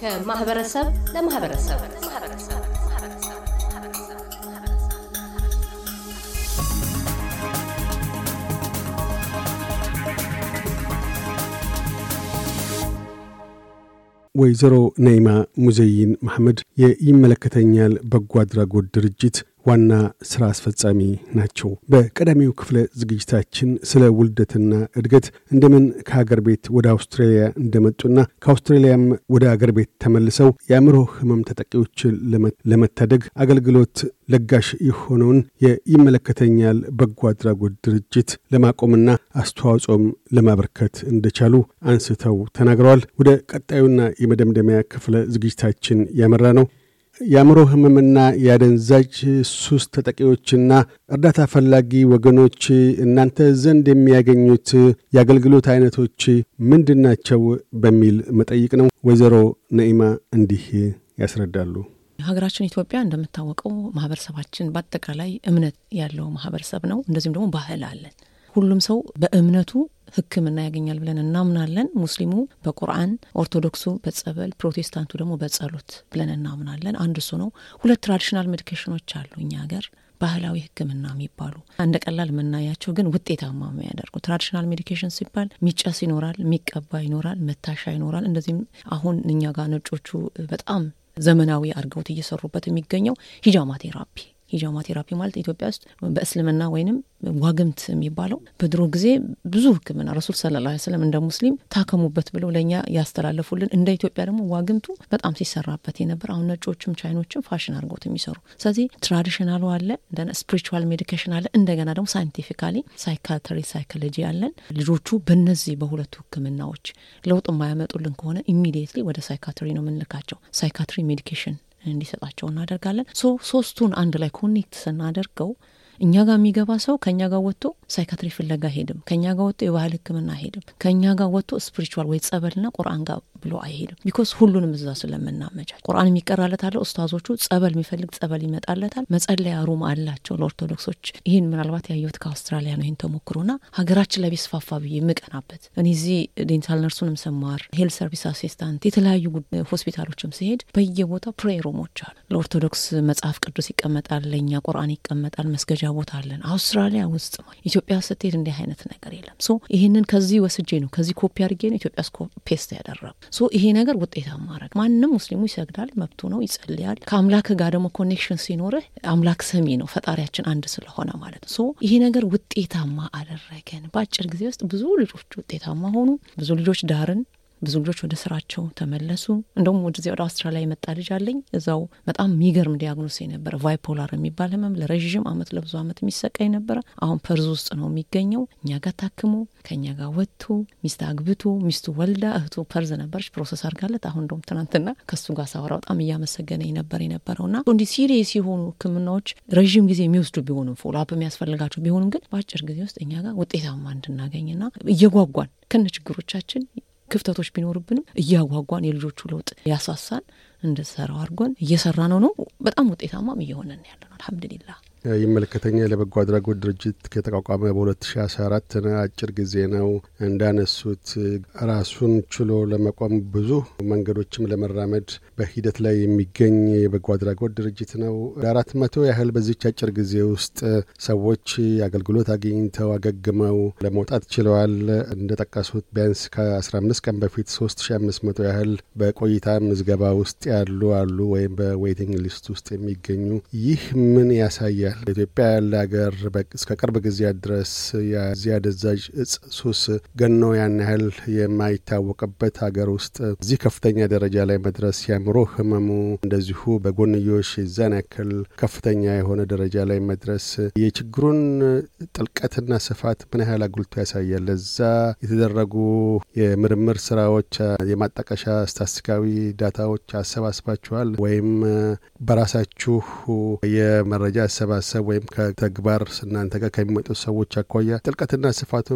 ከማህበረሰብ ለማህበረሰብ ወይዘሮ ነይማ ሙዘይን መሐመድ የይመለከተኛል በጎ አድራጎት ድርጅት ዋና ስራ አስፈጻሚ ናቸው። በቀዳሚው ክፍለ ዝግጅታችን ስለ ውልደትና እድገት እንደምን ከሀገር ቤት ወደ አውስትራሊያ እንደመጡና ከአውስትራሊያም ወደ አገር ቤት ተመልሰው የአእምሮ ህመም ተጠቂዎችን ለመታደግ አገልግሎት ለጋሽ የሆነውን የይመለከተኛል በጎ አድራጎት ድርጅት ለማቆምና አስተዋጽኦም ለማበርከት እንደቻሉ አንስተው ተናግረዋል። ወደ ቀጣዩና የመደምደሚያ ክፍለ ዝግጅታችን ያመራ ነው። የአእምሮ ህመምና የአደንዛጅ ሱስ ተጠቂዎችና እርዳታ ፈላጊ ወገኖች እናንተ ዘንድ የሚያገኙት የአገልግሎት አይነቶች ምንድናቸው? በሚል መጠይቅ ነው። ወይዘሮ ነኢማ እንዲህ ያስረዳሉ። ሀገራችን ኢትዮጵያ እንደምታወቀው ማህበረሰባችን በአጠቃላይ እምነት ያለው ማህበረሰብ ነው። እንደዚሁም ደግሞ ባህል አለን። ሁሉም ሰው በእምነቱ ህክምና ያገኛል ብለን እናምናለን። ሙስሊሙ በቁርአን፣ ኦርቶዶክሱ በጸበል፣ ፕሮቴስታንቱ ደግሞ በጸሎት ብለን እናምናለን። አንድ እሱ ነው። ሁለት ትራዲሽናል ሜዲኬሽኖች አሉ እኛ ሀገር ባህላዊ ህክምና የሚባሉ እንደ ቀላል የምናያቸው ግን ውጤታማ የሚያደርጉ ትራዲሽናል ሜዲኬሽን ሲባል ሚጨስ ይኖራል፣ የሚቀባ ይኖራል፣ መታሻ ይኖራል። እንደዚህም አሁን እኛ ጋር ነጮቹ በጣም ዘመናዊ አድርገውት እየሰሩበት የሚገኘው ሂጃማ ቴራፒ ሂጃማ ቴራፒ ማለት ኢትዮጵያ ውስጥ በእስልምና ወይንም ዋግምት የሚባለው በድሮ ጊዜ ብዙ ሕክምና ረሱል ስለ ላ ስለም እንደ ሙስሊም ታከሙበት ብለው ለእኛ ያስተላለፉልን፣ እንደ ኢትዮጵያ ደግሞ ዋግምቱ በጣም ሲሰራበት የነበር አሁን ነጮችም ቻይኖችም ፋሽን አድርገውት የሚሰሩ ስለዚህ ትራዲሽናሉ አለ እንደ ስፒሪቹዋል ሜዲኬሽን አለ እንደገና ደግሞ ሳይንቲፊካሊ ሳይካትሪ ሳይኮሎጂ አለን። ልጆቹ በነዚህ በሁለቱ ሕክምናዎች ለውጥ የማያመጡልን ከሆነ ኢሚዲየትሊ ወደ ሳይካትሪ ነው የምንልካቸው። ሳይካትሪ ሜዲኬሽን እንዲሰጣቸው እናደርጋለን። ሶ ሶስቱን አንድ ላይ ኮኔክት ስናደርገው እኛ ጋር የሚገባ ሰው ከእኛ ጋር ወጥቶ ሳይካትሪ ፍለጋ አይሄድም። ከኛ ጋር ወጥቶ የባህል ህክምና ሄድም። ከኛ ጋር ወጥቶ ስፒሪቹዋል ወይ ጸበልና ቁርአን ጋር ብሎ አይሄድም። ቢኮዝ ሁሉንም እዛ ስለምናመቻች ቁርአን የሚቀራለት አለ። ኡስታዞቹ ጸበል የሚፈልግ ጸበል ይመጣለታል። መጸለያ ሩም አላቸው ለኦርቶዶክሶች። ይህን ምናልባት ያየሁት ከአውስትራሊያ ነው። ይህን ተሞክሮና ሀገራችን ላይ ቢስፋፋ ብዬ የምቀናበት እኔ እዚህ ዴንታል ነርሱንም ስማር ሄል ሰርቪስ አሲስታንት የተለያዩ ሆስፒታሎችም ሲሄድ በየቦታው ፕሬ ሩሞች አሉ። ለኦርቶዶክስ መጽሐፍ ቅዱስ ይቀመጣል፣ ለእኛ ቁርአን ይቀመጣል፣ መስገጃ ቦታ አለን። አውስትራሊያ ውስጥ ኢትዮጵያ ስትሄድ እንዲህ አይነት ነገር የለም። ሶ ይህንን ከዚህ ወስጄ ነው ከዚህ ኮፒ አድርጌ ነው ኢትዮጵያ ስ ፔስት ያደረጉ። ሶ ይሄ ነገር ውጤታማ ማድረግ ማንም ሙስሊሙ ይሰግዳል፣ መብቱ ነው፣ ይጸልያል። ከአምላክ ጋር ደግሞ ኮኔክሽን ሲኖርህ አምላክ ሰሚ ነው፣ ፈጣሪያችን አንድ ስለሆነ ማለት ነው። ሶ ይሄ ነገር ውጤታማ አደረገን። በአጭር ጊዜ ውስጥ ብዙ ልጆች ውጤታማ ሆኑ። ብዙ ልጆች ዳርን ብዙ ልጆች ወደ ስራቸው ተመለሱ። እንደውም ወደዚያ ወደ አውስትራሊያ የመጣ ልጅ አለኝ። እዛው በጣም የሚገርም ዲያግኖስ የነበረ ቫይፖላር የሚባል ህመም ለረዥም አመት ለብዙ አመት የሚሰቃይ ነበረ። አሁን ፐርዝ ውስጥ ነው የሚገኘው። እኛ ጋር ታክሞ ከእኛ ጋር ወጥቶ ሚስት አግብቶ ሚስቱ ወልዳ እህቱ ፐርዝ ነበረች ፕሮሰስ አድርጋለት አሁን እንደውም ትናንትና ከሱ ጋር ሳወራ በጣም እያመሰገነ ነበር የነበረው እና እንዲህ ሲሪየስ የሆኑ ህክምናዎች ረዥም ጊዜ የሚወስዱ ቢሆንም ፎሎ አፕ የሚያስፈልጋቸው ቢሆንም ግን በአጭር ጊዜ ውስጥ እኛ ጋር ውጤታማ እንድናገኝና እየጓጓን ከነ ችግሮቻችን ክፍተቶች ቢኖርብንም እያጓጓን የልጆቹ ለውጥ ያሳሳን እንድሰራው አድርጎን እየሰራ ነው ነው በጣም ውጤታማም እየሆነን ያለ ነው። አልሐምዱሊላህ ይመለከተኛል የበጎ አድራጎት ድርጅት ከተቋቋመ በ2014 አጭር ጊዜ ነው። እንዳነሱት ራሱን ችሎ ለመቆም ብዙ መንገዶችም ለመራመድ በሂደት ላይ የሚገኝ የበጎ አድራጎት ድርጅት ነው። ለአራት መቶ ያህል በዚች አጭር ጊዜ ውስጥ ሰዎች አገልግሎት አግኝተው አገግመው ለመውጣት ችለዋል። እንደጠቀሱት ቢያንስ ከ15 ቀን በፊት 3500 ያህል በቆይታ ምዝገባ ውስጥ ያሉ አሉ ወይም በዌይቲንግ ሊስት ውስጥ የሚገኙ ይህ ምን ያሳያል? በኢትዮጵያ ያለ ሀገር እስከ ቅርብ ጊዜ ድረስ የዚህ አደዛዥ እጽ ሱስ ገኖ ያን ያህል የማይታወቅበት ሀገር ውስጥ እዚህ ከፍተኛ ደረጃ ላይ መድረስ የአእምሮ ህመሙ እንደዚሁ በጎንዮሽ የዛን ያክል ከፍተኛ የሆነ ደረጃ ላይ መድረስ የችግሩን ጥልቀትና ስፋት ምን ያህል አጉልቶ ያሳያል? እዛ የተደረጉ የምርምር ስራዎች፣ የማጣቀሻ ስታስቲካዊ ዳታዎች አሰባስባችኋል ወይም በራሳችሁ የመረጃ አሰባ ከማሰብ ወይም ከተግባር እናንተ ጋር ከሚመጡ ሰዎች አኳያ ጥልቀትና ስፋቱ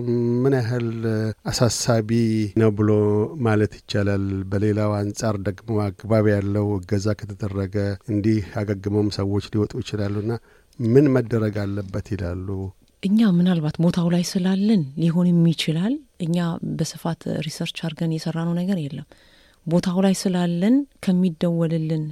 ምን ያህል አሳሳቢ ነው ብሎ ማለት ይቻላል? በሌላው አንጻር ደግሞ አግባብ ያለው እገዛ ከተደረገ እንዲህ አገግመውም ሰዎች ሊወጡ ይችላሉና ምን መደረግ አለበት ይላሉ? እኛ ምናልባት ቦታው ላይ ስላለን ሊሆንም ይችላል። እኛ በስፋት ሪሰርች አድርገን የሰራነው ነገር የለም። ቦታው ላይ ስላለን ከሚደወልልን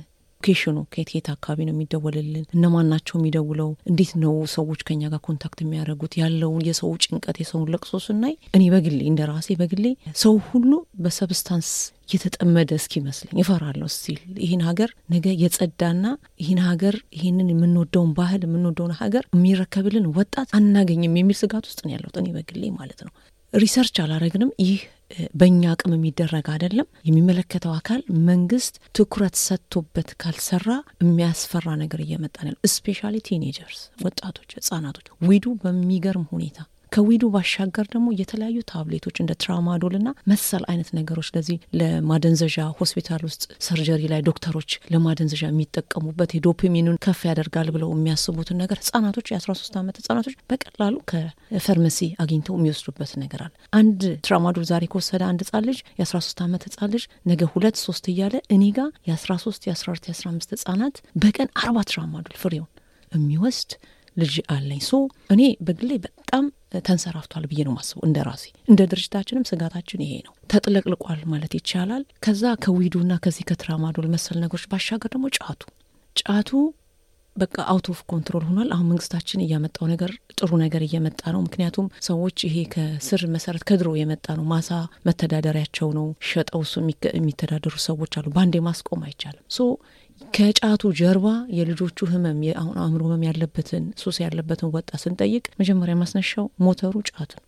ሎኬሽኑ ከየት አካባቢ ነው የሚደወልልን፣ እነማን ናቸው የሚደውለው፣ እንዴት ነው ሰዎች ከኛ ጋር ኮንታክት የሚያደርጉት ያለውን የሰው ጭንቀት የሰውን ለቅሶ ስናይ እኔ በግሌ እንደ ራሴ በግሌ ሰው ሁሉ በሰብስታንስ የተጠመደ እስኪመስለኝ እፈራለሁ። ስቲል ይህን ሀገር ነገ የጸዳና ይህን ሀገር ይህንን የምንወደውን ባህል የምንወደውን ሀገር የሚረከብልን ወጣት አናገኝም የሚል ስጋት ውስጥ ነው ያለሁት እኔ በግሌ ማለት ነው። ሪሰርች አላረግንም። ይህ በእኛ አቅም የሚደረግ አይደለም። የሚመለከተው አካል መንግስት ትኩረት ሰጥቶበት ካልሰራ የሚያስፈራ ነገር እየመጣ ነው። ስፔሻሊ ቲኔጀርስ፣ ወጣቶች፣ ህጻናቶች ዊዱ በሚገርም ሁኔታ ከዊዱ ባሻገር ደግሞ የተለያዩ ታብሌቶች እንደ ትራማዶል ና መሰል አይነት ነገሮች ለዚህ ለማደንዘዣ ሆስፒታል ውስጥ ሰርጀሪ ላይ ዶክተሮች ለማደንዘዣ የሚጠቀሙበት የዶፓሚኑን ከፍ ያደርጋል ብለው የሚያስቡትን ነገር ህጻናቶች የ13 ዓመት ህጻናቶች በቀላሉ ከፈርመሲ አግኝተው የሚወስዱበት ነገር አለ። አንድ ትራማዶል ዛሬ ከወሰደ አንድ ህጻን ልጅ የ13 ዓመት ህጻን ልጅ ነገ ሁለት ሶስት እያለ እኔ ጋ የ13 የ14 የ15 ህጻናት በቀን አርባ ትራማዶል ፍሬውን የሚወስድ ልጅ አለኝ። ሶ እኔ በግሌ በጣም ተንሰራፍቷል ብዬ ነው ማስበው። እንደ ራሴ እንደ ድርጅታችንም ስጋታችን ይሄ ነው። ተጥለቅልቋል ማለት ይቻላል። ከዛ ከዊዱና ከዚህ ከትራማዶል መሰል ነገሮች ባሻገር ደግሞ ጫቱ ጫቱ በቃ አውት ኦፍ ኮንትሮል ሆኗል። አሁን መንግስታችን እያመጣው ነገር ጥሩ ነገር እየመጣ ነው። ምክንያቱም ሰዎች ይሄ ከስር መሰረት ከድሮ የመጣ ነው። ማሳ መተዳደሪያቸው ነው። ሸጠው እሱ የሚተዳደሩ ሰዎች አሉ። በአንዴ ማስቆም አይቻልም። ሶ ከጫቱ ጀርባ የልጆቹ ህመም የአሁን አእምሮ ህመም ያለበትን ሱስ ያለበትን ወጣት ስንጠይቅ መጀመሪያ ማስነሻው ሞተሩ ጫት ነው።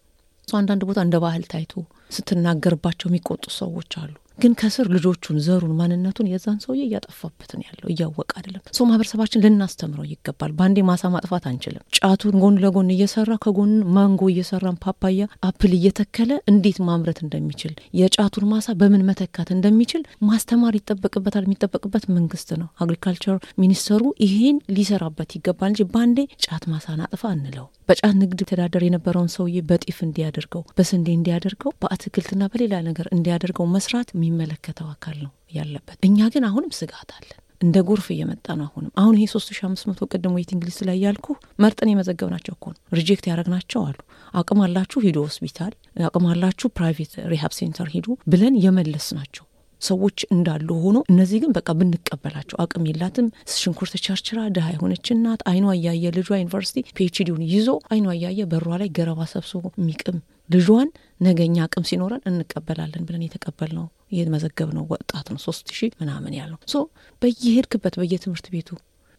አንዳንድ ቦታ እንደ ባህል ታይቶ ስትናገርባቸው የሚቆጡ ሰዎች አሉ። ግን ከስር ልጆቹን፣ ዘሩን፣ ማንነቱን የዛን ሰውዬ እያጠፋበትን ያለው እያወቀ አይደለም። ሰው ማህበረሰባችን ልናስተምረው ይገባል። በአንዴ ማሳ ማጥፋት አንችልም። ጫቱን ጎን ለጎን እየሰራ ከጎን ማንጎ እየሰራን ፓፓያ፣ አፕል እየተከለ እንዴት ማምረት እንደሚችል የጫቱን ማሳ በምን መተካት እንደሚችል ማስተማር ይጠበቅበታል። የሚጠበቅበት መንግስት ነው። አግሪካልቸር ሚኒስተሩ ይሄን ሊሰራበት ይገባል እንጂ በአንዴ ጫት ማሳን አጥፋ እንለው። በጫት ንግድ ተዳደር የነበረውን ሰውዬ በጤፍ እንዲያደርገው፣ በስንዴ እንዲያደርገው፣ በአትክልትና በሌላ ነገር እንዲያደርገው መስራት የሚመለከተው አካል ነው ያለበት። እኛ ግን አሁንም ስጋት አለን። እንደ ጎርፍ እየመጣ ነው። አሁንም አሁን ይሄ ሶስት ሺ አምስት መቶ ቅድም ዌይቲንግ ሊስት ላይ ያልኩ መርጠን የመዘገብ ናቸው እኮ ነው። ሪጀክት ያደረግናቸው አሉ። አቅም አላችሁ ሂዱ ሆስፒታል፣ አቅም አላችሁ ፕራይቬት ሪሃብ ሴንተር ሂዱ ብለን የመለስ ናቸው ሰዎች እንዳሉ ሆኖ እነዚህ ግን በቃ ብንቀበላቸው አቅም የላትም ሽንኩርት ቸርችራ ድሃ የሆነች እናት አይኗ እያየ ልጇ ዩኒቨርሲቲ ፒኤችዲውን ይዞ አይኗ እያየ በሯ ላይ ገረባ ሰብስቦ የሚቅም ልጇን ነገኛ አቅም ሲኖረን እንቀበላለን ብለን የተቀበልነው የመዘገብነው ወጣት ነው። ሶስት ሺህ ምናምን ያለው ሶ በየሄድክበት በየትምህርት ቤቱ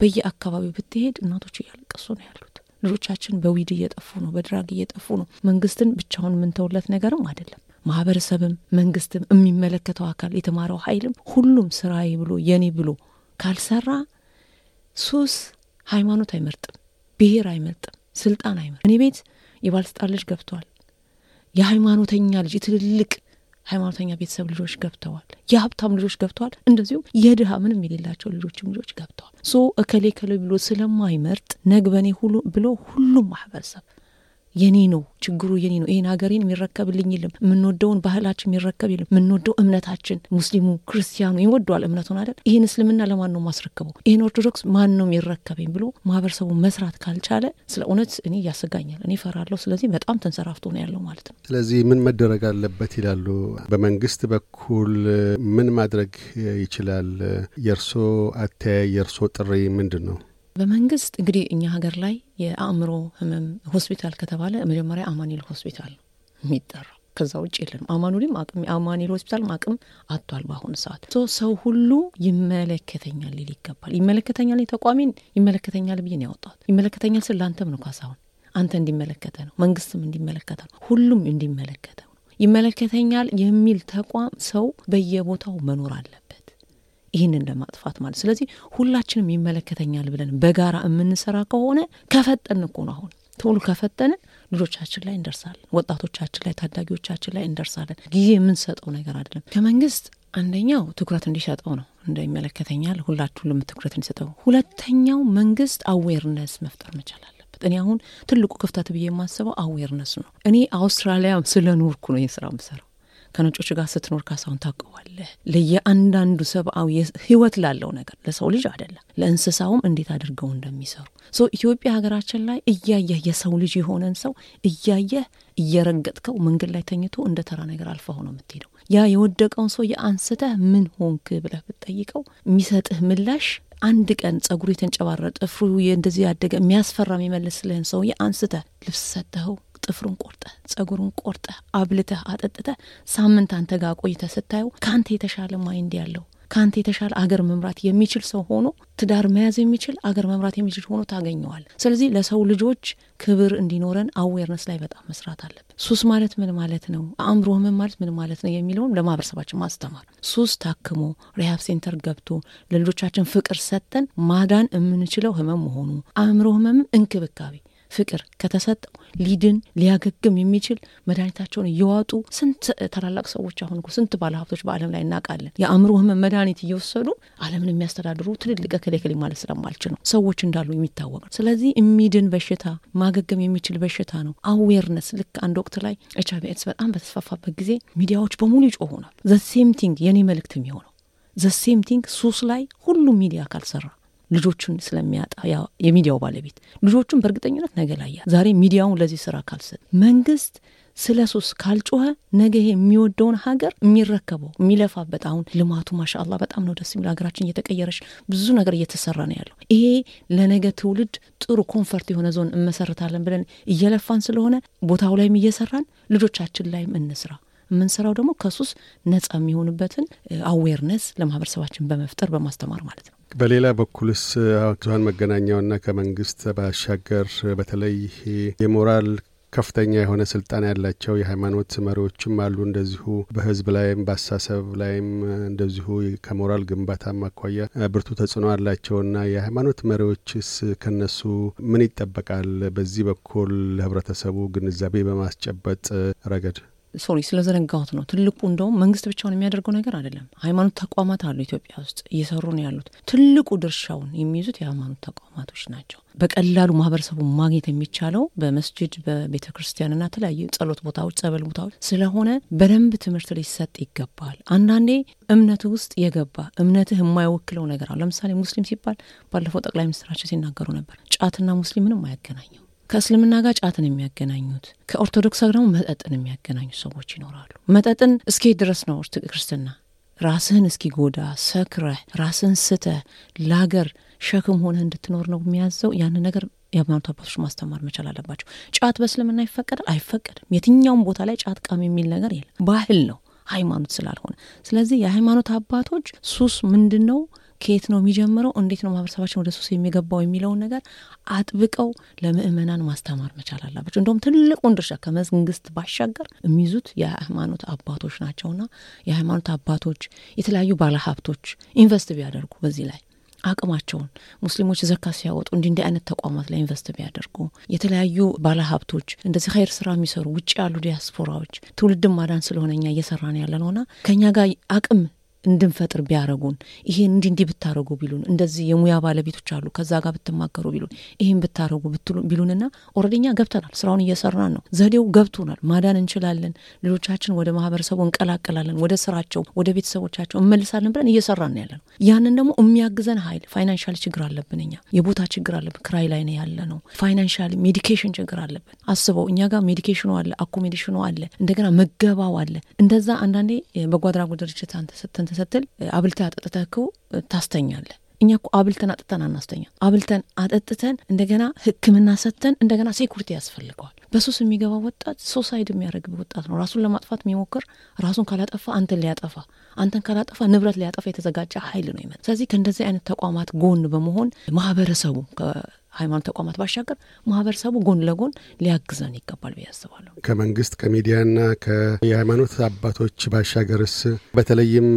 በየአካባቢው ብትሄድ እናቶች እያለቀሱ ነው ያሉት። ልጆቻችን በዊድ እየጠፉ ነው፣ በድራግ እየጠፉ ነው። መንግስትን ብቻውን የምንተውለት ነገርም አይደለም። ማህበረሰብም፣ መንግስትም፣ የሚመለከተው አካል፣ የተማረው ኃይልም ሁሉም ስራዬ ብሎ የኔ ብሎ ካልሰራ ሱስ ሃይማኖት አይመርጥም፣ ብሄር አይመርጥም፣ ስልጣን አይመርጥም። እኔ ቤት የባለስልጣን ልጅ ገብቷል። የሃይማኖተኛ ልጅ ትልልቅ ሃይማኖተኛ ቤተሰብ ልጆች ገብተዋል። የሀብታም ልጆች ገብተዋል። እንደዚሁም የድሃ ምንም የሌላቸው ልጆችም ልጆች ገብተዋል። ሶ እከሌ ከሌ ብሎ ስለማይመርጥ ነግበኔ ሁሉ ብሎ ሁሉም ማህበረሰብ የኔ ነው ችግሩ የኔ ነው። ይህን ሀገሬን የሚረከብልኝ የለም። የምንወደውን ባህላችን የሚረከብ የለም። የምንወደው እምነታችን ሙስሊሙ ክርስቲያኑ ይወደዋል እምነቱን አይደል? ይህን እስልምና ለማን ነው ማስረከበው? ይህን ኦርቶዶክስ ማን ነው የሚረከበኝ ብሎ ማህበረሰቡ መስራት ካልቻለ ስለ እውነት እኔ ያሰጋኛል፣ እኔ ፈራለሁ። ስለዚህ በጣም ተንሰራፍቶ ነው ያለው ማለት ነው። ስለዚህ ምን መደረግ አለበት ይላሉ? በመንግስት በኩል ምን ማድረግ ይችላል? የእርሶ አተያይ የእርሶ ጥሪ ምንድን ነው? በመንግስት እንግዲህ እኛ ሀገር ላይ የአእምሮ ህመም ሆስፒታል ከተባለ መጀመሪያ አማኒል ሆስፒታል የሚጠራው ከዛ ውጭ የለንም። አማኑኤልም አቅም አማኑኤል ሆስፒታልም አቅም አጥቷል በአሁኑ ሰዓት። ሰው ሁሉ ይመለከተኛል ሊል ይገባል። ይመለከተኛል ተቋሚን ይመለከተኛል ብዬ ነው ይመለከተኛል ስል ለአንተም ነው ካሳሁን፣ አንተ እንዲመለከተ ነው፣ መንግስትም እንዲመለከተ ነው፣ ሁሉም እንዲመለከተ ነው። ይመለከተኛል የሚል ተቋም ሰው በየቦታው መኖር አለበት። ይህንን ለማጥፋት ማለት ስለዚህ ሁላችንም ይመለከተኛል ብለን በጋራ የምንሰራ ከሆነ ከፈጠን እኮ ነው አሁን ቶሎ ከፈጠንን ልጆቻችን ላይ እንደርሳለን፣ ወጣቶቻችን ላይ፣ ታዳጊዎቻችን ላይ እንደርሳለን። ጊዜ የምንሰጠው ነገር አይደለም። ከመንግስት አንደኛው ትኩረት እንዲሰጠው ነው እንደሚመለከተኛል ሁላችሁ ሁሉም ትኩረት እንዲሰጠው፣ ሁለተኛው መንግስት አዌርነስ መፍጠር መቻላል እኔ አሁን ትልቁ ክፍተት ብዬ የማስበው አዌርነስ ነው። እኔ አውስትራሊያ ስለኖርኩ ነው ይህ ስራ ከነጮች ጋር ስትኖር ካሳሁን ታውቀዋለህ። ለየአንዳንዱ ሰብአዊ ህይወት ላለው ነገር ለሰው ልጅ አይደለም ለእንስሳውም እንዴት አድርገው እንደሚሰሩ ሶ ኢትዮጵያ ሀገራችን ላይ እያየህ የሰው ልጅ የሆነን ሰው እያየህ እየረገጥከው መንገድ ላይ ተኝቶ እንደ ተራ ነገር አልፈው ነው የምትሄደው። ያ የወደቀውን ሰው የአንስተህ ምን ሆንክ ብለህ ብትጠይቀው የሚሰጥህ ምላሽ አንድ ቀን ጸጉሩ የተንጨባረጠ ጥፍሩ እንደዚህ ያደገ የሚያስፈራ የሚመልስልህን ሰውዬ አንስተህ ልብስ ሰጠኸው ጥፍሩን ቆርጠ፣ ጸጉሩን ቆርጠ፣ አብልተህ አጠጥተ ሳምንት አንተ ጋ ቆይተ ስታየው ከአንተ የተሻለ ማይንድ ያለው ከአንተ የተሻለ አገር መምራት የሚችል ሰው ሆኖ ትዳር መያዝ የሚችል አገር መምራት የሚችል ሆኖ ታገኘዋል። ስለዚህ ለሰው ልጆች ክብር እንዲኖረን አዌርነስ ላይ በጣም መስራት አለብን። ሱስ ማለት ምን ማለት ነው፣ አእምሮ ህመም ማለት ምን ማለት ነው የሚለውን ለማህበረሰባችን ማስተማር፣ ሱስ ታክሞ ሪሃብ ሴንተር ገብቶ ለልጆቻችን ፍቅር ሰጥተን ማዳን የምንችለው ህመም መሆኑ አእምሮ ህመምም እንክብካቤ ፍቅር ከተሰጠው ሊድን ሊያገግም የሚችል መድኃኒታቸውን እየዋጡ ስንት ታላላቅ ሰዎች አሁን ስንት ባለሀብቶች በዓለም ላይ እናውቃለን። የአእምሮ ህመም መድኃኒት እየወሰዱ ዓለምን የሚያስተዳድሩ ትልልቅ እከሌ ማለት ስለማልች ነው ሰዎች እንዳሉ የሚታወቅ ነው። ስለዚህ የሚድን በሽታ ማገገም የሚችል በሽታ ነው። አዌርነስ ልክ አንድ ወቅት ላይ ኤች ኤድስ በጣም በተስፋፋበት ጊዜ ሚዲያዎች በሙሉ ይጮሁ ነው። ዘ ሴም ቲንግ የኔ መልእክት የሚሆነው ዘ ሴም ቲንግ ሱስ ላይ ሁሉም ሚዲያ ካልሰራ ልጆቹን ስለሚያጣ የሚዲያው ባለቤት ልጆቹን በእርግጠኝነት ነገ ላይ ዛሬ ሚዲያውን ለዚህ ስራ ካልሰጥ መንግስት ስለ ሶስት ካልጮኸ ነገ ይሄ የሚወደውን ሀገር የሚረከበው የሚለፋበት አሁን ልማቱ ማሻአላ በጣም ነው ደስ የሚል ሀገራችን እየተቀየረች ብዙ ነገር እየተሰራ ነው ያለው። ይሄ ለነገ ትውልድ ጥሩ ኮንፈርት የሆነ ዞን እንመሰርታለን ብለን እየለፋን ስለሆነ ቦታው ላይም እየሰራን ልጆቻችን ላይም እንስራ። የምንሰራው ደግሞ ከሱስ ነጻ የሚሆንበትን አዌርነስ ለማህበረሰባችን በመፍጠር በማስተማር ማለት ነው። በሌላ በኩልስ ብዙሀን መገናኛውና ከመንግስት ባሻገር በተለይ የሞራል ከፍተኛ የሆነ ስልጣን ያላቸው የሃይማኖት መሪዎችም አሉ። እንደዚሁ በህዝብ ላይም በአሳሰብ ላይም እንደዚሁ ከሞራል ግንባታ አኳያ ብርቱ ተጽዕኖ አላቸውና የሃይማኖት መሪዎችስ ከነሱ ምን ይጠበቃል? በዚህ በኩል ለህብረተሰቡ ግንዛቤ በማስጨበጥ ረገድ ሶሪ ስለዘነጋሁት ነው። ትልቁ እንደውም መንግስት ብቻውን የሚያደርገው ነገር አይደለም። ሃይማኖት ተቋማት አሉ ኢትዮጵያ ውስጥ እየሰሩ ነው ያሉት። ትልቁ ድርሻውን የሚይዙት የሃይማኖት ተቋማቶች ናቸው። በቀላሉ ማህበረሰቡ ማግኘት የሚቻለው በመስጅድ በቤተ ክርስቲያንና ተለያዩ ጸሎት ቦታዎች፣ ጸበል ቦታዎች ስለሆነ በደንብ ትምህርት ሊሰጥ ይገባል። አንዳንዴ እምነት ውስጥ የገባ እምነትህ የማይወክለው ነገር አሉ። ለምሳሌ ሙስሊም ሲባል ባለፈው ጠቅላይ ሚኒስትራችን ሲናገሩ ነበር፣ ጫትና ሙስሊም ምንም አያገናኘው ከእስልምና ጋር ጫትን የሚያገናኙት ከኦርቶዶክስ ጋር ደግሞ መጠጥን የሚያገናኙ ሰዎች ይኖራሉ። መጠጥን እስኪ ድረስ ነው ክርስትና ራስህን እስኪ ጎዳ ሰክረህ ራስህን ስተህ ለሀገር ሸክም ሆነህ እንድትኖር ነው የሚያዘው። ያንን ነገር የሃይማኖት አባቶች ማስተማር መቻል አለባቸው። ጫት በእስልምና ይፈቀዳል አይፈቀድም? የትኛውም ቦታ ላይ ጫት ቃም የሚል ነገር የለም። ባህል ነው ሃይማኖት ስላልሆነ። ስለዚህ የሃይማኖት አባቶች ሱስ ምንድን ነው ከየት ነው የሚጀምረው፣ እንዴት ነው ማህበረሰባችን ወደ ሱስ የሚገባው የሚለውን ነገር አጥብቀው ለምእመናን ማስተማር መቻል አለባቸው። እንደውም ትልቁን ድርሻ ከመንግስት ባሻገር የሚይዙት የሃይማኖት አባቶች ናቸውና የሃይማኖት አባቶች የተለያዩ ባለሀብቶች ኢንቨስት ቢያደርጉ በዚህ ላይ አቅማቸውን ሙስሊሞች ዘካ ሲያወጡ እንዲ እንዲህ አይነት ተቋማት ላይ ኢንቨስት ቢያደርጉ የተለያዩ ባለሀብቶች እንደዚህ ኸይር ስራ የሚሰሩ ውጭ ያሉ ዲያስፖራዎች ትውልድን ማዳን ስለሆነ እኛ ነው ያለ ነውና ከእኛ ጋር አቅም እንድንፈጥር ቢያረጉን ይሄ እንዲህ እንዲህ ብታረጉ ቢሉን፣ እንደዚህ የሙያ ባለቤቶች አሉ ከዛ ጋር ብትማከሩ ቢሉን፣ ይህን ብታረጉ ቢሉንና ኦረደኛ ገብተናል፣ ስራውን እየሰራን ነው፣ ዘዴው ገብቶናል፣ ማዳን እንችላለን፣ ልጆቻችን ወደ ማህበረሰቡ እንቀላቀላለን፣ ወደ ስራቸው ወደ ቤተሰቦቻቸው እመልሳለን ብለን እየሰራን ነው ያለ ነው። ያንን ደግሞ የሚያግዘን ሀይል ፋይናንሻል ችግር አለብን፣ እኛ የቦታ ችግር አለብን፣ ክራይ ላይ ነው ያለ ነው። ፋይናንሻል ሜዲኬሽን ችግር አለብን። አስበው እኛ ጋር ሜዲኬሽኑ አለ፣ አኮሜዴሽኑ አለ፣ እንደገና መገባው አለ። እንደዛ አንዳንዴ በጎ አድራጎት ድርጅት አንተ ስትል አብልተ አጠጥተ እኮ ታስተኛለ እኛ ኮ አብልተን አጥተን አናስተኛ። አብልተን አጠጥተን እንደገና ህክምና ሰጥተን እንደገና ሴኩሪቲ ያስፈልገዋል። በሱስ የሚገባ ወጣት ሶሳይድ የሚያደረግብ ወጣት ነው። ራሱን ለማጥፋት የሚሞክር ራሱን ካላጠፋ አንተን ሊያጠፋ፣ አንተን ካላጠፋ ንብረት ሊያጠፋ የተዘጋጀ ኃይል ነው ይመ ስለዚህ ከእንደዚህ አይነት ተቋማት ጎን በመሆን ማህበረሰቡ ሃይማኖት ተቋማት ባሻገር ማህበረሰቡ ጎን ለጎን ሊያግዘን ይገባል ብዬ አስባለሁ። ከመንግስት ከሚዲያና ከየሃይማኖት አባቶች ባሻገርስ በተለይም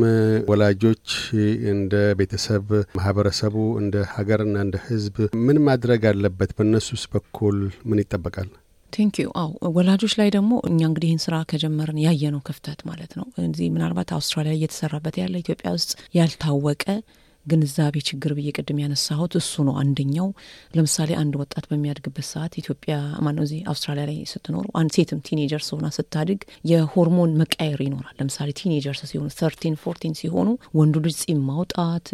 ወላጆች እንደ ቤተሰብ ማህበረሰቡ እንደ ሀገርና እንደ ህዝብ ምን ማድረግ አለበት? በእነሱስ በኩል ምን ይጠበቃል? ቴንክ ዩ ወላጆች ላይ ደግሞ እኛ እንግዲህ ይህን ስራ ከጀመርን ያየነው ክፍተት ማለት ነው። እዚህ ምናልባት አውስትራሊያ እየተሰራበት ያለ ኢትዮጵያ ውስጥ ያልታወቀ ግንዛቤ ችግር ብዬ ቅድም ያነሳሁት እሱ ነው አንደኛው። ለምሳሌ አንድ ወጣት በሚያድግበት ሰዓት ኢትዮጵያ ማነው እዚህ አውስትራሊያ ላይ ስትኖሩ አንድ ሴትም ቲኔጀር ስሆና ስታድግ የሆርሞን መቃየር ይኖራል። ለምሳሌ ቲኔጀርስ ሲሆኑ ተርቲን ፎርቲን ሲሆኑ ወንዱ ልጅ ጺም ማውጣት፣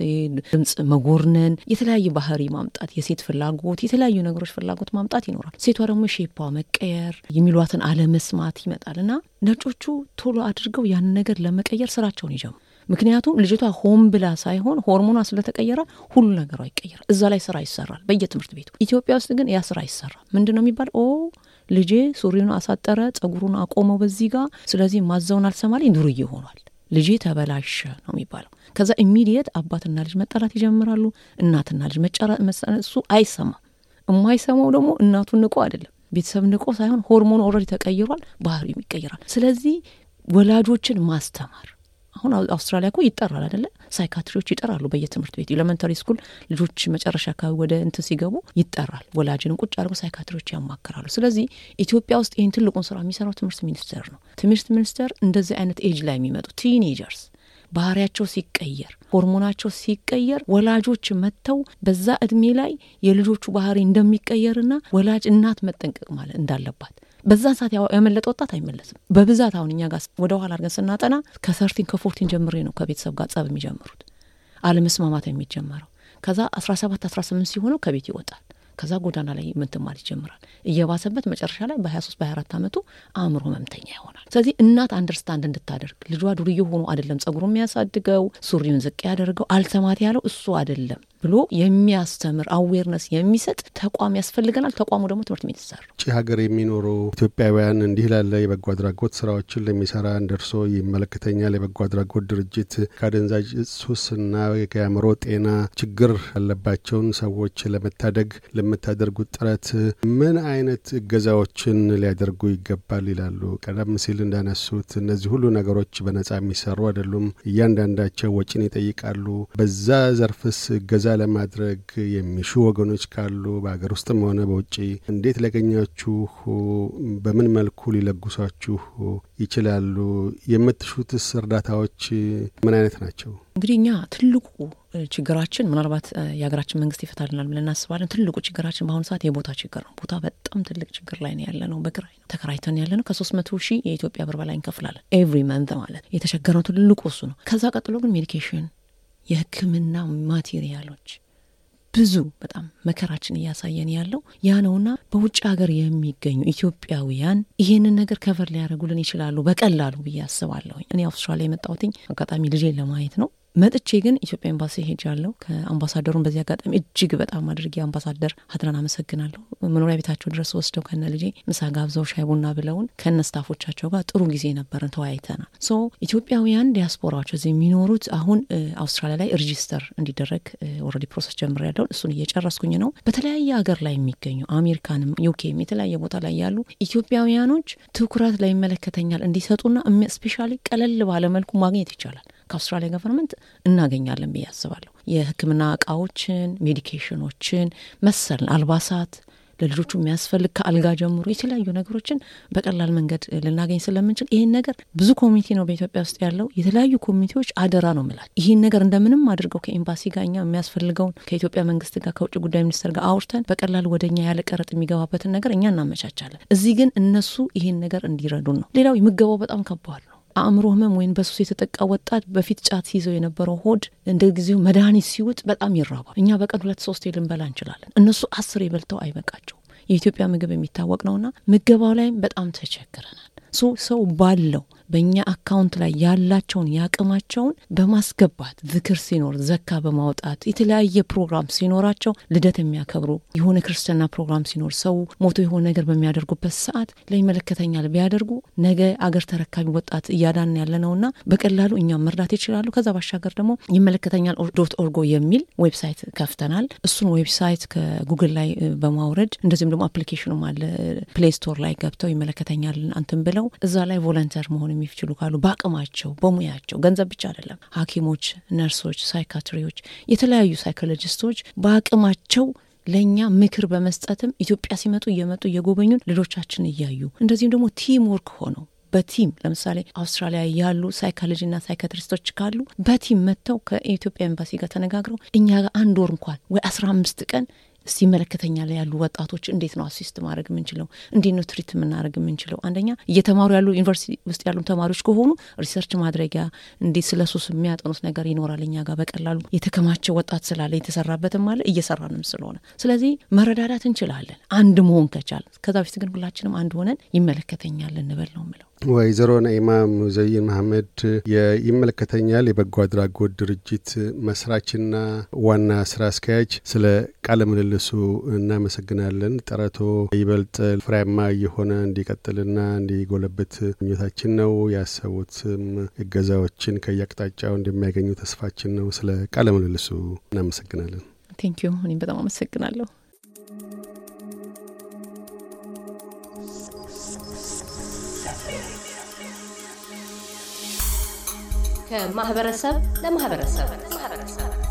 ድምፅ መጎርነን፣ የተለያዩ ባህሪ ማምጣት፣ የሴት ፍላጎት፣ የተለያዩ ነገሮች ፍላጎት ማምጣት ይኖራል። ሴቷ ደግሞ ሼፓ መቀየር፣ የሚሏትን አለመስማት ይመጣል እና ነጮቹ ቶሎ አድርገው ያንን ነገር ለመቀየር ስራቸውን ይጀምሩ ምክንያቱም ልጅቷ ሆን ብላ ሳይሆን ሆርሞኗ ስለተቀየረ ሁሉ ነገሯ ይቀየራል። እዛ ላይ ስራ ይሰራል በየትምህርት ቤቱ። ኢትዮጵያ ውስጥ ግን ያ ስራ ይሰራል። ምንድን ነው የሚባል ኦ ልጄ ሱሪውን አሳጠረ፣ ጸጉሩን አቆመው በዚህ ጋር ስለዚህ ማዘውን አልሰማልኝ ዱርዬ ሆኗል፣ ልጄ ተበላሸ ነው የሚባለው። ከዛ ኢሚዲየት አባትና ልጅ መጠላት ይጀምራሉ። እናትና ልጅ እሱ አይሰማም። የማይሰማው ደግሞ እናቱን ንቆ አይደለም ቤተሰብ ንቆ ሳይሆን ሆርሞኑ ኦልሬዲ ተቀይሯል፣ ባህሪም ይቀይራል። ስለዚህ ወላጆችን ማስተማር አሁን አውስትራሊያ እኮ ይጠራል አደለ? ሳይካትሪዎች ይጠራሉ በየትምህርት ቤት ኤሌመንታሪ ስኩል ልጆች መጨረሻ አካባቢ ወደ እንትን ሲገቡ ይጠራል። ወላጅንም ቁጭ አድርጎ ሳይካትሪዎች ያማክራሉ። ስለዚህ ኢትዮጵያ ውስጥ ይህን ትልቁን ስራ የሚሰራው ትምህርት ሚኒስቴር ነው። ትምህርት ሚኒስቴር እንደዚህ አይነት ኤጅ ላይ የሚመጡ ቲኔጀርስ ባህሪያቸው ሲቀየር ሆርሞናቸው ሲቀየር ወላጆች መጥተው በዛ እድሜ ላይ የልጆቹ ባህሪ እንደሚቀየርና ወላጅ እናት መጠንቀቅ ማለት እንዳለባት በዛን ሰዓት ያመለጠ ወጣት አይመለስም። በብዛት አሁን እኛ ጋር ወደ ኋላ አድርገን ስናጠና ከሰርቲን ከፎርቲን ጀምሬ ነው ከቤተሰብ ጋር ጸብ የሚጀምሩት አለመስማማት የሚጀመረው። ከዛ አስራ ሰባት አስራ ስምንት ሲሆነው ከቤት ይወጣል። ከዛ ጎዳና ላይ ምንትን ማለት ይጀምራል። እየባሰበት መጨረሻ ላይ በሀያ ሶስት በሀያ አራት ዓመቱ አእምሮ መምተኛ ይሆናል። ስለዚህ እናት አንደርስታንድ እንድታደርግ ልጇ ዱርዬ ሆኖ አይደለም ጸጉሩ የሚያሳድገው ሱሪውን ዝቅ ያደርገው አልተማት ያለው እሱ አይደለም ብሎ የሚያስተምር አዌርነስ የሚሰጥ ተቋም ያስፈልገናል። ተቋሙ ደግሞ ትምህርት ሚኒስቴር ነው። ውጭ ሀገር የሚኖሩ ኢትዮጵያውያን እንዲህ ላለ የበጎ አድራጎት ስራዎችን ለሚሰራ እንደርሶ ይመለከተኛል የበጎ አድራጎት ድርጅት ከአደንዛዥ እና የአእምሮ ጤና ችግር ያለባቸውን ሰዎች ለመታደግ ለምታደርጉት ጥረት ምን አይነት እገዛዎችን ሊያደርጉ ይገባል ይላሉ? ቀደም ሲል እንዳነሱት እነዚህ ሁሉ ነገሮች በነጻ የሚሰሩ አይደሉም። እያንዳንዳቸው ወጪን ይጠይቃሉ። በዛ ዘርፍስ እገዛ እገዛ ለማድረግ የሚሹ ወገኖች ካሉ በሀገር ውስጥም ሆነ በውጭ እንዴት ሊያገኛችሁ፣ በምን መልኩ ሊለጉሳችሁ ይችላሉ? የምትሹትስ እርዳታዎች ምን አይነት ናቸው? እንግዲህ እኛ ትልቁ ችግራችን ምናልባት የሀገራችን መንግስት ይፈታልናል ብለን እናስባለን። ትልቁ ችግራችን በአሁኑ ሰዓት የቦታ ችግር ነው። ቦታ በጣም ትልቅ ችግር ላይ ነው ያለ ነው። በግራይ ነው ተከራይተን ያለ ነው። ከሶስት መቶ ሺህ የኢትዮጵያ ብር በላይ እንከፍላለን ኤቭሪ መንት ማለት የተቸገረው ትልቁ እሱ ነው። ከዛ ቀጥሎ ግን ሜዲኬሽን የህክምና ማቴሪያሎች ብዙ በጣም መከራችን እያሳየን ያለው ያ ነውና በውጭ ሀገር የሚገኙ ኢትዮጵያውያን ይሄንን ነገር ከቨር ሊያደርጉልን ይችላሉ በቀላሉ ብዬ አስባለሁ። እኔ አውስትራሊያ የመጣሁትኝ አጋጣሚ ልጄን ለማየት ነው። መጥቼ ግን ኢትዮጵያ ኤምባሲ ሄጃለሁ። ከአምባሳደሩን በዚህ አጋጣሚ እጅግ በጣም አድርጌ አምባሳደር ሀድናን አመሰግናለሁ። መኖሪያ ቤታቸው ድረስ ወስደው ከነ ልጄ ምሳ ጋብዘው ሻይ ቡና ብለውን ከነ ስታፎቻቸው ጋር ጥሩ ጊዜ ነበርን፣ ተወያይተናል። ሶ ኢትዮጵያውያን ዲያስፖራቸው እዚህ የሚኖሩት አሁን አውስትራሊያ ላይ ሬጂስተር እንዲደረግ ኦልሬዲ ፕሮሰስ ጀምሬያለሁ። እሱን እየጨረስኩኝ ነው። በተለያየ ሀገር ላይ የሚገኙ አሜሪካንም፣ ዩኬም የተለያየ ቦታ ላይ ያሉ ኢትዮጵያውያኖች ትኩረት ላይ እንዲሰጡና ስፔሻሊ ቀለል ባለመልኩ ማግኘት ይቻላል። ከአውስትራሊያ ገቨርንመንት እናገኛለን ብዬ አስባለሁ። የህክምና እቃዎችን፣ ሜዲኬሽኖችን፣ መሰል አልባሳት ለልጆቹ የሚያስፈልግ ከአልጋ ጀምሮ የተለያዩ ነገሮችን በቀላል መንገድ ልናገኝ ስለምንችል ይህን ነገር ብዙ ኮሚኒቲ ነው በኢትዮጵያ ውስጥ ያለው። የተለያዩ ኮሚኒቲዎች አደራ ነው ምላል ይህን ነገር እንደምንም አድርገው ከኤምባሲ ጋር እኛ የሚያስፈልገውን ከኢትዮጵያ መንግስት ጋር ከውጭ ጉዳይ ሚኒስትር ጋር አውርተን በቀላል ወደ እኛ ያለ ቀረጥ የሚገባበትን ነገር እኛ እናመቻቻለን። እዚህ ግን እነሱ ይህን ነገር እንዲረዱን ነው። ሌላው የምገባው በጣም ከባድ ነው። አእምሮ ህመም ወይም በሱስ የተጠቃ ወጣት በፊት ጫት ይዘው የነበረው ሆድ እንደ ጊዜው መድኃኒት ሲውጥ በጣም ይራባል። እኛ በቀን ሁለት ሶስት ልንበላ እንችላለን። እነሱ አስር የበልተው አይበቃቸው። የኢትዮጵያ ምግብ የሚታወቅ ነውና ምገባው ላይም በጣም ተቸግረናል። ሰው ባለው በእኛ አካውንት ላይ ያላቸውን ያቅማቸውን በማስገባት ዝክር ሲኖር ዘካ በማውጣት የተለያየ ፕሮግራም ሲኖራቸው ልደት የሚያከብሩ የሆነ ክርስትና ፕሮግራም ሲኖር ሰው ሞቶ የሆነ ነገር በሚያደርጉበት ሰዓት ለይመለከተኛል ቢያደርጉ ነገ አገር ተረካቢ ወጣት እያዳን ያለ ነውና በቀላሉ እኛም መርዳት ይችላሉ። ከዛ ባሻገር ደግሞ ይመለከተኛል ዶት ኦርጎ የሚል ዌብሳይት ከፍተናል። እሱን ዌብሳይት ከጉግል ላይ በማውረድ እንደዚሁም ደግሞ አፕሊኬሽኑም አለ ፕሌይ ስቶር ላይ ገብተው ይመለከተኛል አንትን ብለው እዛ ላይ ቮለንተር መሆን የሚችሉ ካሉ በአቅማቸው በሙያቸው ገንዘብ ብቻ አይደለም። ሀኪሞች ነርሶች፣ ሳይካትሪዎች፣ የተለያዩ ሳይኮሎጂስቶች በአቅማቸው ለእኛ ምክር በመስጠትም ኢትዮጵያ ሲመጡ እየመጡ እየጎበኙን ልጆቻችን እያዩ እንደዚሁም ደግሞ ቲም ወርክ ሆነው በቲም ለምሳሌ አውስትራሊያ ያሉ ሳይኮሎጂና ሳይካትሪስቶች ካሉ በቲም መጥተው ከኢትዮጵያ ኤምባሲ ጋር ተነጋግረው እኛ ጋር አንድ ወር እንኳን ወይ አስራ አምስት ቀን እስቲ ይመለከተኛል ያሉ ወጣቶች እንዴት ነው አሲስት ማድረግ የምንችለው? እንዴት ነው ትሪት የምናደረግ የምንችለው? አንደኛ እየተማሩ ያሉ ዩኒቨርሲቲ ውስጥ ያሉ ተማሪዎች ከሆኑ ሪሰርች ማድረጊያ እንዴት ስለ ሱስ የሚያጠኑት ነገር ይኖራል። እኛ ጋር በቀላሉ የተከማቸ ወጣት ስላለ የተሰራበትም አለ እየሰራንም ስለሆነ ስለዚህ መረዳዳት እንችላለን አንድ መሆን ከቻል። ከዛ በፊት ግን ሁላችንም አንድ ሆነን ይመለከተኛል እንበል ነው ምለው ወይዘሮ ነኢማ ሙዘይን መሐመድ የይመለከተኛል የበጎ አድራጎት ድርጅት መስራችና ዋና ስራ አስኪያጅ፣ ስለ ቃለ ምልልሱ እናመሰግናለን። ጠረቶ ይበልጥ ፍሬያማ እየሆነ እንዲቀጥልና እንዲጎለብት ምኞታችን ነው። ያሰቡትም እገዛዎችን ከየአቅጣጫው እንደሚያገኙ ተስፋችን ነው። ስለ ቃለ ምልልሱ እናመሰግናለን። ቴንኪዩ። እኔም በጣም አመሰግናለሁ። ከማህበረሰብ ለማህበረሰብ